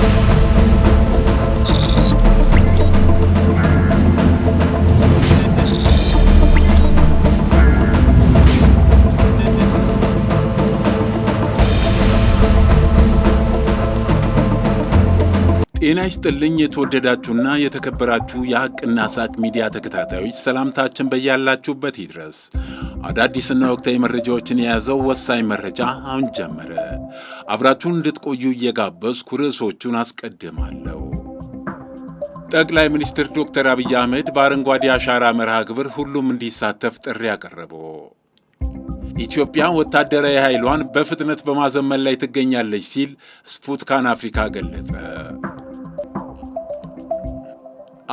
Thank you. ጤና ይስጥልኝ የተወደዳችሁና የተከበራችሁ የሐቅና ሳቅ ሚዲያ ተከታታዮች ሰላምታችን በያላችሁበት ይድረስ። አዳዲስና ወቅታዊ መረጃዎችን የያዘው ወሳኝ መረጃ አሁን ጀመረ። አብራችሁን እንድትቆዩ እየጋበዝኩ ርዕሶቹን አስቀድማለሁ። ጠቅላይ ሚኒስትር ዶክተር አብይ አህመድ በአረንጓዴ አሻራ መርሃ ግብር ሁሉም እንዲሳተፍ ጥሪ አቀረቡ። ኢትዮጵያ ወታደራዊ ኃይሏን በፍጥነት በማዘመን ላይ ትገኛለች ሲል ስፑትካን አፍሪካ ገለጸ።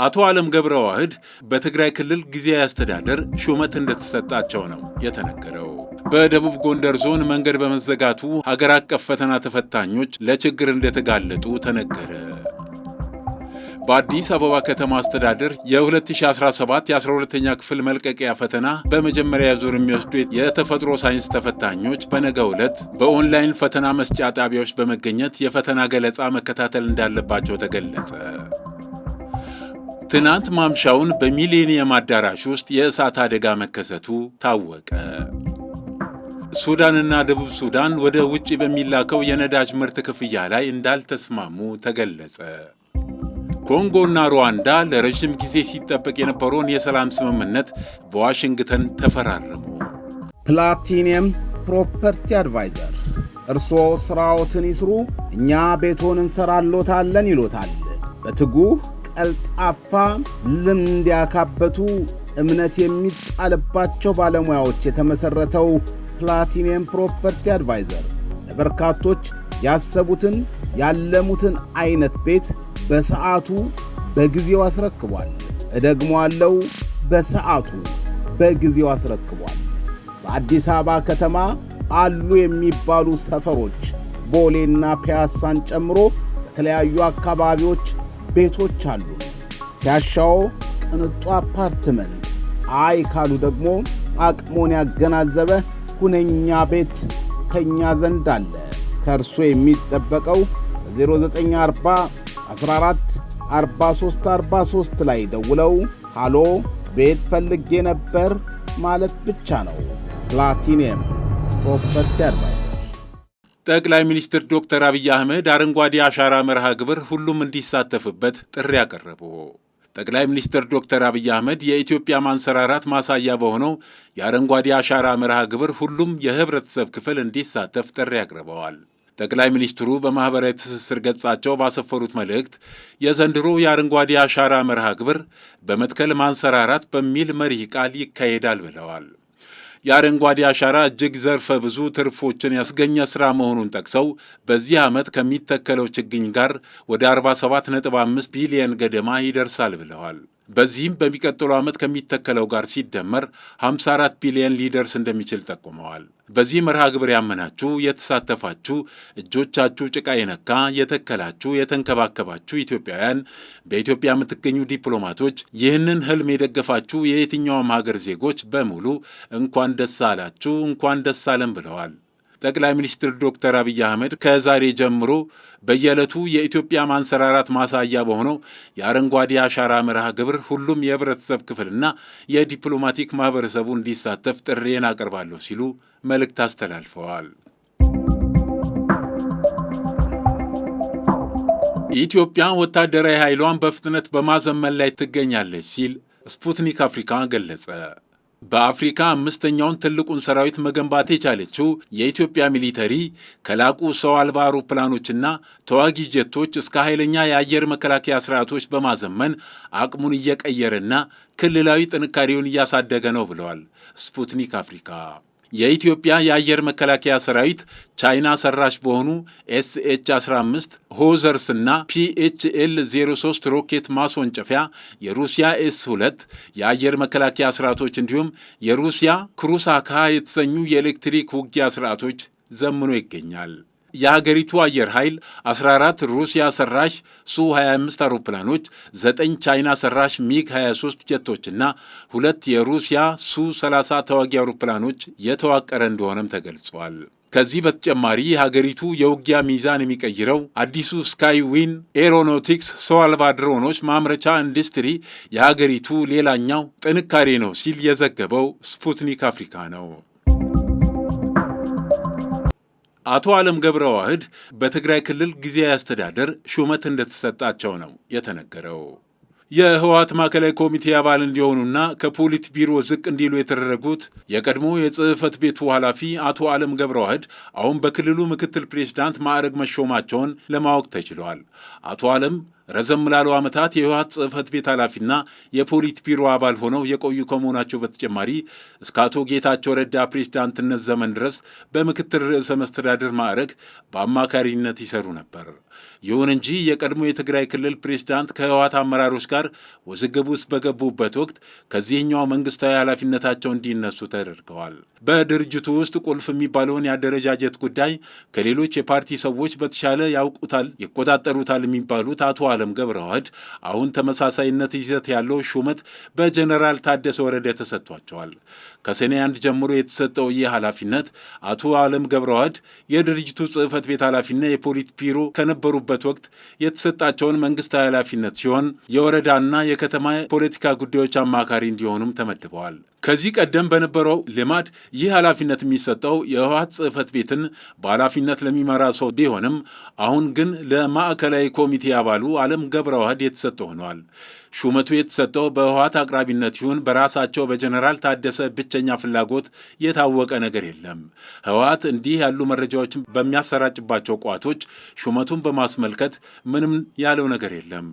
አቶ ዓለም ገብረ ዋህድ በትግራይ ክልል ጊዜያዊ አስተዳደር ሹመት እንደተሰጣቸው ነው የተነገረው። በደቡብ ጎንደር ዞን መንገድ በመዘጋቱ ሀገር አቀፍ ፈተና ተፈታኞች ለችግር እንደተጋለጡ ተነገረ። በአዲስ አበባ ከተማ አስተዳደር የ2017 የ12ኛ ክፍል መልቀቂያ ፈተና በመጀመሪያ ዙር የሚወስዱ የተፈጥሮ ሳይንስ ተፈታኞች በነገ ዕለት በኦንላይን ፈተና መስጫ ጣቢያዎች በመገኘት የፈተና ገለጻ መከታተል እንዳለባቸው ተገለጸ። ትናንት ማምሻውን በሚሌኒየም አዳራሽ ውስጥ የእሳት አደጋ መከሰቱ ታወቀ። ሱዳንና ደቡብ ሱዳን ወደ ውጭ በሚላከው የነዳጅ ምርት ክፍያ ላይ እንዳልተስማሙ ተገለጸ። ኮንጎና ሩዋንዳ ለረዥም ጊዜ ሲጠበቅ የነበረውን የሰላም ስምምነት በዋሽንግተን ተፈራረሙ። ፕላቲኒየም ፕሮፐርቲ አድቫይዘር እርስዎ ሥራዎትን ይስሩ፣ እኛ ቤቶን እንሰራሎታለን ይሎታል። በትጉህ ቀልጣፋ ልምድ ያካበቱ እምነት የሚጣልባቸው ባለሙያዎች የተመሠረተው ፕላቲኒየም ፕሮፐርቲ አድቫይዘር ለበርካቶች ያሰቡትን ያለሙትን አይነት ቤት በሰዓቱ በጊዜው አስረክቧል። እደግሞ አለው በሰዓቱ በጊዜው አስረክቧል። በአዲስ አበባ ከተማ አሉ የሚባሉ ሰፈሮች ቦሌና ፒያሳን ጨምሮ በተለያዩ አካባቢዎች ቤቶች አሉ። ሲያሻው ቅንጡ አፓርትመንት፣ አይ ካሉ ደግሞ አቅሞን ያገናዘበ ሁነኛ ቤት ከኛ ዘንድ አለ። ከእርሶ የሚጠበቀው በ0940 14 ላይ ደውለው ሃሎ ቤት ፈልጌ ነበር ማለት ብቻ ነው። ፕላቲኒየም ፕሮፐርቲ አድቫይዘር ጠቅላይ ሚኒስትር ዶክተር አብይ አህመድ አረንጓዴ አሻራ መርሃ ግብር ሁሉም እንዲሳተፍበት ጥሪ አቀረቡ። ጠቅላይ ሚኒስትር ዶክተር አብይ አህመድ የኢትዮጵያ ማንሰራራት ማሳያ በሆነው የአረንጓዴ አሻራ መርሃ ግብር ሁሉም የህብረተሰብ ክፍል እንዲሳተፍ ጥሪ አቅርበዋል። ጠቅላይ ሚኒስትሩ በማኅበራዊ ትስስር ገጻቸው ባሰፈሩት መልእክት የዘንድሮ የአረንጓዴ አሻራ መርሃ ግብር በመትከል ማንሰራራት በሚል መሪህ ቃል ይካሄዳል ብለዋል። የአረንጓዴ አሻራ እጅግ ዘርፈ ብዙ ትርፎችን ያስገኘ ሥራ መሆኑን ጠቅሰው በዚህ ዓመት ከሚተከለው ችግኝ ጋር ወደ 47.5 ቢሊየን ገደማ ይደርሳል ብለዋል። በዚህም በሚቀጥለው ዓመት ከሚተከለው ጋር ሲደመር 54 ቢሊየን ሊደርስ እንደሚችል ጠቁመዋል። በዚህ መርሃ ግብር ያመናችሁ የተሳተፋችሁ፣ እጆቻችሁ ጭቃ የነካ የተከላችሁ፣ የተንከባከባችሁ ኢትዮጵያውያን፣ በኢትዮጵያ የምትገኙ ዲፕሎማቶች፣ ይህንን ህልም የደገፋችሁ የየትኛውም ሀገር ዜጎች በሙሉ እንኳን ደስ አላችሁ፣ እንኳን ደስ አለን ብለዋል። ጠቅላይ ሚኒስትር ዶክተር አብይ አህመድ ከዛሬ ጀምሮ በየዕለቱ የኢትዮጵያ ማንሰራራት ማሳያ በሆነው የአረንጓዴ አሻራ መርሃ ግብር ሁሉም የህብረተሰብ ክፍልና የዲፕሎማቲክ ማህበረሰቡ እንዲሳተፍ ጥሬን አቀርባለሁ ሲሉ መልእክት አስተላልፈዋል። ኢትዮጵያ ወታደራዊ ኃይሏን በፍጥነት በማዘመን ላይ ትገኛለች ሲል ስፑትኒክ አፍሪካ ገለጸ። በአፍሪካ አምስተኛውን ትልቁን ሰራዊት መገንባት የቻለችው የኢትዮጵያ ሚሊተሪ ከላቁ ሰው አልባ አውሮፕላኖችና ተዋጊ ጀቶች እስከ ኃይለኛ የአየር መከላከያ ስርዓቶች በማዘመን አቅሙን እየቀየረና ክልላዊ ጥንካሬውን እያሳደገ ነው ብለዋል ስፑትኒክ አፍሪካ። የኢትዮጵያ የአየር መከላከያ ሰራዊት ቻይና ሰራሽ በሆኑ ኤስኤች 15 ሆዘርስ እና ፒኤችኤል 03 ሮኬት ማስወንጨፊያ የሩሲያ ኤስ 2 የአየር መከላከያ ስርዓቶች እንዲሁም የሩሲያ ክሩሳካ የተሰኙ የኤሌክትሪክ ውጊያ ስርዓቶች ዘምኖ ይገኛል። የሀገሪቱ አየር ኃይል 14 ሩሲያ ሰራሽ ሱ 25 አውሮፕላኖች፣ 9 ቻይና ሰራሽ ሚግ 23 ጀቶችና ሁለት የሩሲያ ሱ 30 ተዋጊ አውሮፕላኖች የተዋቀረ እንደሆነም ተገልጿል። ከዚህ በተጨማሪ ሀገሪቱ የውጊያ ሚዛን የሚቀይረው አዲሱ ስካይ ዊን ኤሮኖቲክስ ሰው አልባ ድሮኖች ማምረቻ ኢንዱስትሪ የሀገሪቱ ሌላኛው ጥንካሬ ነው ሲል የዘገበው ስፑትኒክ አፍሪካ ነው። አቶ አለም ገብረ ዋህድ በትግራይ ክልል ጊዜያዊ አስተዳደር ሹመት እንደተሰጣቸው ነው የተነገረው። የህወሀት ማዕከላዊ ኮሚቴ አባል እንዲሆኑና ከፖሊት ቢሮ ዝቅ እንዲሉ የተደረጉት የቀድሞ የጽህፈት ቤቱ ኃላፊ አቶ አለም ገብረ ዋህድ አሁን በክልሉ ምክትል ፕሬዚዳንት ማዕረግ መሾማቸውን ለማወቅ ተችሏል። አቶ አለም ረዘም ላሉ ዓመታት የህወሀት ጽህፈት ቤት ኃላፊና የፖሊት ቢሮ አባል ሆነው የቆዩ ከመሆናቸው በተጨማሪ እስከ አቶ ጌታቸው ረዳ ፕሬዝዳንትነት ዘመን ድረስ በምክትል ርዕሰ መስተዳድር ማዕረግ በአማካሪነት ይሰሩ ነበር። ይሁን እንጂ የቀድሞ የትግራይ ክልል ፕሬዚዳንት ከህወሓት አመራሮች ጋር ውዝግብ ውስጥ በገቡበት ወቅት ከዚህኛው መንግስታዊ ኃላፊነታቸው እንዲነሱ ተደርገዋል። በድርጅቱ ውስጥ ቁልፍ የሚባለውን የአደረጃጀት ጉዳይ ከሌሎች የፓርቲ ሰዎች በተሻለ ያውቁታል፣ ይቆጣጠሩታል የሚባሉት አቶ አለም ገብረዋህድ አሁን ተመሳሳይነት ይዘት ያለው ሹመት በጀኔራል ታደሰ ወረደ ተሰጥቷቸዋል። ከሰኔ አንድ ጀምሮ የተሰጠው ይህ ኃላፊነት አቶ አለም ገብረዋድ የድርጅቱ ጽህፈት ቤት ኃላፊና የፖሊት ቢሮ ከነበሩበት ወቅት የተሰጣቸውን መንግስታዊ ኃላፊነት ሲሆን የወረዳና የከተማ ፖለቲካ ጉዳዮች አማካሪ እንዲሆኑም ተመድበዋል። ከዚህ ቀደም በነበረው ልማድ ይህ ኃላፊነት የሚሰጠው የህወሀት ጽህፈት ቤትን በኃላፊነት ለሚመራ ሰው ቢሆንም አሁን ግን ለማዕከላዊ ኮሚቴ አባሉ አለም ገብረዋህድ የተሰጠ ሆነዋል። ሹመቱ የተሰጠው በህወሓት አቅራቢነት ይሁን በራሳቸው በጀነራል ታደሰ ብቸኛ ፍላጎት የታወቀ ነገር የለም። ህወሓት እንዲህ ያሉ መረጃዎችን በሚያሰራጭባቸው ቋቶች ሹመቱን በማስመልከት ምንም ያለው ነገር የለም።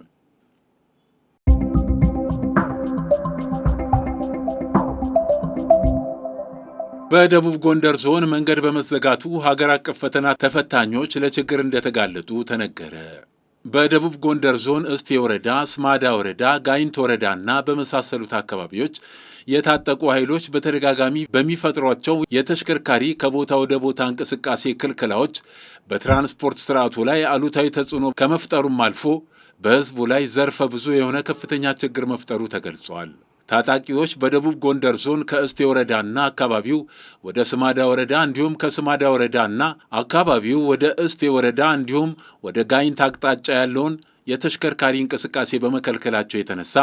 በደቡብ ጎንደር ዞን መንገድ በመዘጋቱ ሀገር አቀፍ ፈተና ተፈታኞች ለችግር እንደተጋለጡ ተነገረ። በደቡብ ጎንደር ዞን እስቴ ወረዳ፣ ስማዳ ወረዳ፣ ጋይንት ወረዳና በመሳሰሉት አካባቢዎች የታጠቁ ኃይሎች በተደጋጋሚ በሚፈጥሯቸው የተሽከርካሪ ከቦታ ወደ ቦታ እንቅስቃሴ ክልክላዎች በትራንስፖርት ስርዓቱ ላይ አሉታዊ ተጽዕኖ ከመፍጠሩም አልፎ በሕዝቡ ላይ ዘርፈ ብዙ የሆነ ከፍተኛ ችግር መፍጠሩ ተገልጿል። ታጣቂዎች በደቡብ ጎንደር ዞን ከእስቴ ወረዳና አካባቢው ወደ ስማዳ ወረዳ እንዲሁም ከስማዳ ወረዳና አካባቢው ወደ እስቴ ወረዳ እንዲሁም ወደ ጋይንት አቅጣጫ ያለውን የተሽከርካሪ እንቅስቃሴ በመከልከላቸው የተነሳ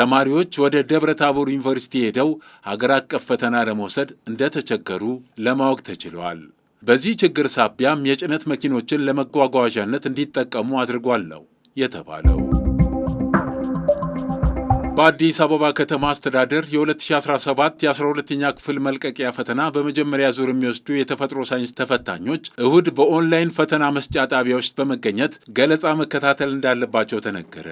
ተማሪዎች ወደ ደብረ ታቦር ዩኒቨርሲቲ ሄደው ሀገር አቀፍ ፈተና ለመውሰድ እንደተቸገሩ ለማወቅ ተችሏል። በዚህ ችግር ሳቢያም የጭነት መኪኖችን ለመጓጓዣነት እንዲጠቀሙ አድርጓል ነው የተባለው። በአዲስ አበባ ከተማ አስተዳደር የ2017 የ12ኛ ክፍል መልቀቂያ ፈተና በመጀመሪያ ዙር የሚወስዱ የተፈጥሮ ሳይንስ ተፈታኞች እሁድ በኦንላይን ፈተና መስጫ ጣቢያዎች በመገኘት ገለጻ መከታተል እንዳለባቸው ተነገረ።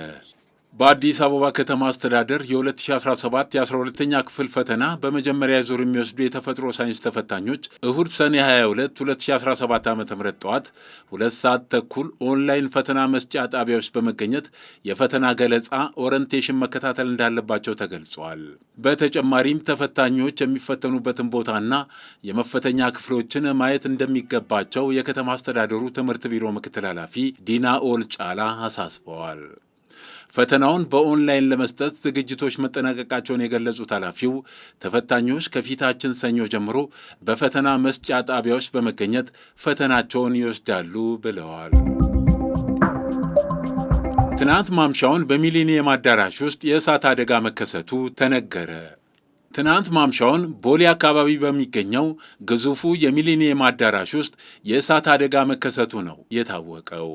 በአዲስ አበባ ከተማ አስተዳደር የ2017 የ12ኛ ክፍል ፈተና በመጀመሪያ ዙር የሚወስዱ የተፈጥሮ ሳይንስ ተፈታኞች እሁድ ሰኔ 22 2017 ዓ ም ጠዋት ሁለት ሰዓት ተኩል ኦንላይን ፈተና መስጫ ጣቢያዎች በመገኘት የፈተና ገለጻ ኦረንቴሽን መከታተል እንዳለባቸው ተገልጿል። በተጨማሪም ተፈታኞች የሚፈተኑበትን ቦታና የመፈተኛ ክፍሎችን ማየት እንደሚገባቸው የከተማ አስተዳደሩ ትምህርት ቢሮ ምክትል ኃላፊ ዲና ኦል ጫላ አሳስበዋል። ፈተናውን በኦንላይን ለመስጠት ዝግጅቶች መጠናቀቃቸውን የገለጹት ኃላፊው ተፈታኞች ከፊታችን ሰኞ ጀምሮ በፈተና መስጫ ጣቢያዎች በመገኘት ፈተናቸውን ይወስዳሉ ብለዋል። ትናንት ማምሻውን በሚሊኒየም አዳራሽ ውስጥ የእሳት አደጋ መከሰቱ ተነገረ። ትናንት ማምሻውን ቦሌ አካባቢ በሚገኘው ግዙፉ የሚሊኒየም አዳራሽ ውስጥ የእሳት አደጋ መከሰቱ ነው የታወቀው።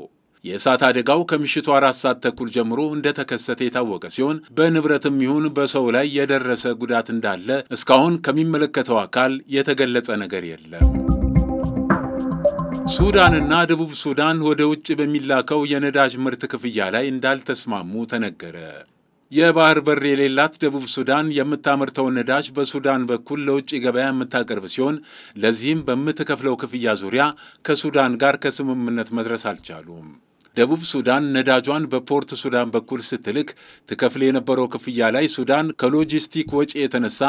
የእሳት አደጋው ከምሽቱ አራት ሰዓት ተኩል ጀምሮ እንደተከሰተ የታወቀ ሲሆን በንብረትም ይሁን በሰው ላይ የደረሰ ጉዳት እንዳለ እስካሁን ከሚመለከተው አካል የተገለጸ ነገር የለም። ሱዳንና ደቡብ ሱዳን ወደ ውጭ በሚላከው የነዳጅ ምርት ክፍያ ላይ እንዳልተስማሙ ተነገረ። የባህር በር የሌላት ደቡብ ሱዳን የምታመርተውን ነዳጅ በሱዳን በኩል ለውጭ ገበያ የምታቀርብ ሲሆን ለዚህም በምትከፍለው ክፍያ ዙሪያ ከሱዳን ጋር ከስምምነት መድረስ አልቻሉም። ደቡብ ሱዳን ነዳጇን በፖርት ሱዳን በኩል ስትልክ ትከፍል የነበረው ክፍያ ላይ ሱዳን ከሎጂስቲክ ወጪ የተነሳ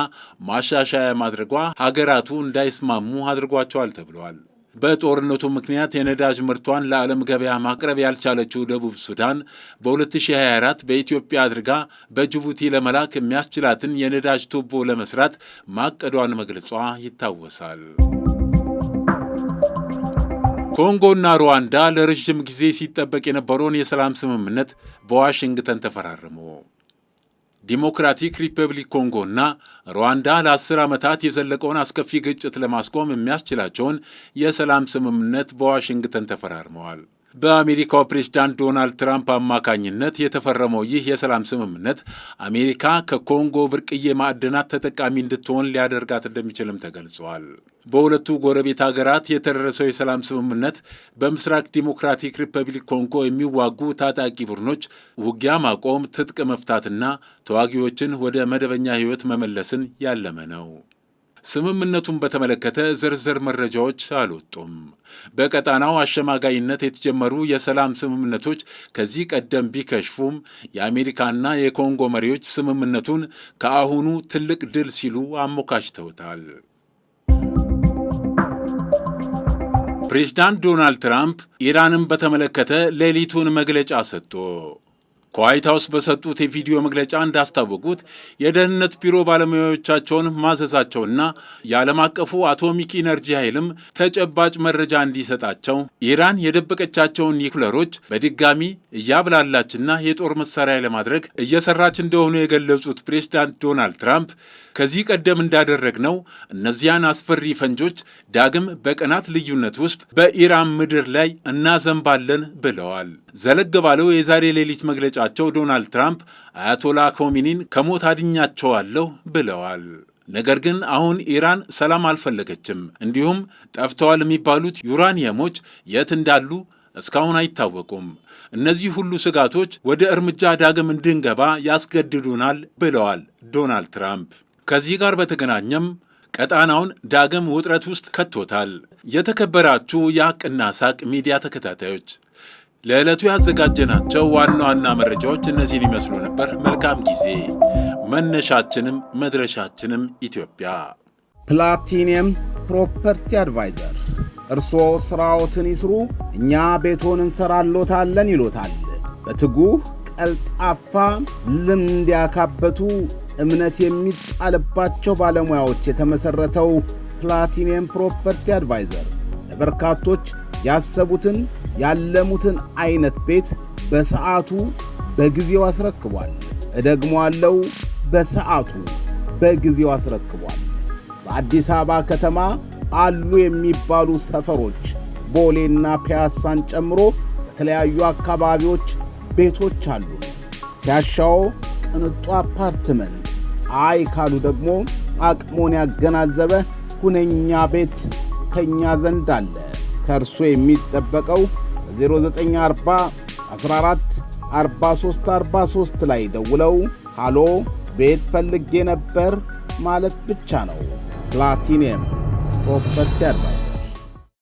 ማሻሻያ ማድረጓ ሀገራቱ እንዳይስማሙ አድርጓቸዋል ተብለዋል። በጦርነቱ ምክንያት የነዳጅ ምርቷን ለዓለም ገበያ ማቅረብ ያልቻለችው ደቡብ ሱዳን በ2024 በኢትዮጵያ አድርጋ በጅቡቲ ለመላክ የሚያስችላትን የነዳጅ ቱቦ ለመስራት ማቀዷን መግለጿ ይታወሳል። ኮንጎና ሩዋንዳ ለረዥም ጊዜ ሲጠበቅ የነበረውን የሰላም ስምምነት በዋሽንግተን ተፈራረሙ። ዲሞክራቲክ ሪፐብሊክ ኮንጎና ሩዋንዳ ለአስር ዓመታት የዘለቀውን አስከፊ ግጭት ለማስቆም የሚያስችላቸውን የሰላም ስምምነት በዋሽንግተን ተፈራርመዋል። በአሜሪካው ፕሬዝዳንት ዶናልድ ትራምፕ አማካኝነት የተፈረመው ይህ የሰላም ስምምነት አሜሪካ ከኮንጎ ብርቅዬ ማዕድናት ተጠቃሚ እንድትሆን ሊያደርጋት እንደሚችልም ተገልጿል። በሁለቱ ጎረቤት ሀገራት የተደረሰው የሰላም ስምምነት በምስራቅ ዲሞክራቲክ ሪፐብሊክ ኮንጎ የሚዋጉ ታጣቂ ቡድኖች ውጊያ ማቆም፣ ትጥቅ መፍታትና ተዋጊዎችን ወደ መደበኛ ሕይወት መመለስን ያለመ ነው። ስምምነቱን በተመለከተ ዝርዝር መረጃዎች አልወጡም። በቀጣናው አሸማጋይነት የተጀመሩ የሰላም ስምምነቶች ከዚህ ቀደም ቢከሽፉም የአሜሪካና የኮንጎ መሪዎች ስምምነቱን ከአሁኑ ትልቅ ድል ሲሉ አሞካሽተውታል። ፕሬዚዳንት ዶናልድ ትራምፕ ኢራንን በተመለከተ ሌሊቱን መግለጫ ሰጡ። ከዋይት ሀውስ በሰጡት የቪዲዮ መግለጫ እንዳስታወቁት የደህንነት ቢሮ ባለሙያዎቻቸውን ማዘዛቸውና የዓለም አቀፉ አቶሚክ ኢነርጂ ኃይልም ተጨባጭ መረጃ እንዲሰጣቸው ኢራን የደበቀቻቸውን ኒውክለሮች በድጋሚ እያብላላችና የጦር መሳሪያ ለማድረግ እየሰራች እንደሆኑ የገለጹት ፕሬዚዳንት ዶናልድ ትራምፕ ከዚህ ቀደም እንዳደረግነው እነዚያን አስፈሪ ፈንጆች ዳግም በቀናት ልዩነት ውስጥ በኢራን ምድር ላይ እናዘንባለን ብለዋል። ዘለግ ባለው የዛሬ ሌሊት መግለጫቸው ዶናልድ ትራምፕ አያቶላ ኮሚኒን ከሞት አድኛቸዋለሁ ብለዋል። ነገር ግን አሁን ኢራን ሰላም አልፈለገችም፣ እንዲሁም ጠፍተዋል የሚባሉት ዩራኒየሞች የት እንዳሉ እስካሁን አይታወቁም። እነዚህ ሁሉ ስጋቶች ወደ እርምጃ ዳግም እንድንገባ ያስገድዱናል ብለዋል ዶናልድ ትራምፕ። ከዚህ ጋር በተገናኘም ቀጣናውን ዳግም ውጥረት ውስጥ ከቶታል። የተከበራችሁ የሐቅና ሳቅ ሚዲያ ተከታታዮች ለዕለቱ ያዘጋጀናቸው ዋና ዋና መረጃዎች እነዚህን ይመስሉ ነበር። መልካም ጊዜ። መነሻችንም መድረሻችንም ኢትዮጵያ። ፕላቲኒየም ፕሮፐርቲ አድቫይዘር እርስዎ ሥራዎትን ይስሩ፣ እኛ ቤቶን እንሰራሎታለን ይሎታል። በትጉህ ቀልጣፋ፣ ልምድ ያካበቱ፣ እምነት የሚጣልባቸው ባለሙያዎች የተመሠረተው ፕላቲኒየም ፕሮፐርቲ አድቫይዘር ለበርካቶች ያሰቡትን ያለሙትን አይነት ቤት በሰዓቱ በጊዜው አስረክቧል። እደግሞ አለው በሰዓቱ በጊዜው አስረክቧል። በአዲስ አበባ ከተማ አሉ የሚባሉ ሰፈሮች ቦሌና ፒያሳን ጨምሮ በተለያዩ አካባቢዎች ቤቶች አሉ። ሲያሻው ቅንጡ አፓርትመንት፣ አይ ካሉ ደግሞ አቅሞን ያገናዘበ ሁነኛ ቤት ከኛ ዘንድ አለ። ተርሶ የሚጠበቀው በ ላይ ደውለው ሃሎ ቤት ፈልጌ ነበር ማለት ብቻ ነው። ፕላቲኒየም ፕሮፐርቲ አድቫይዘር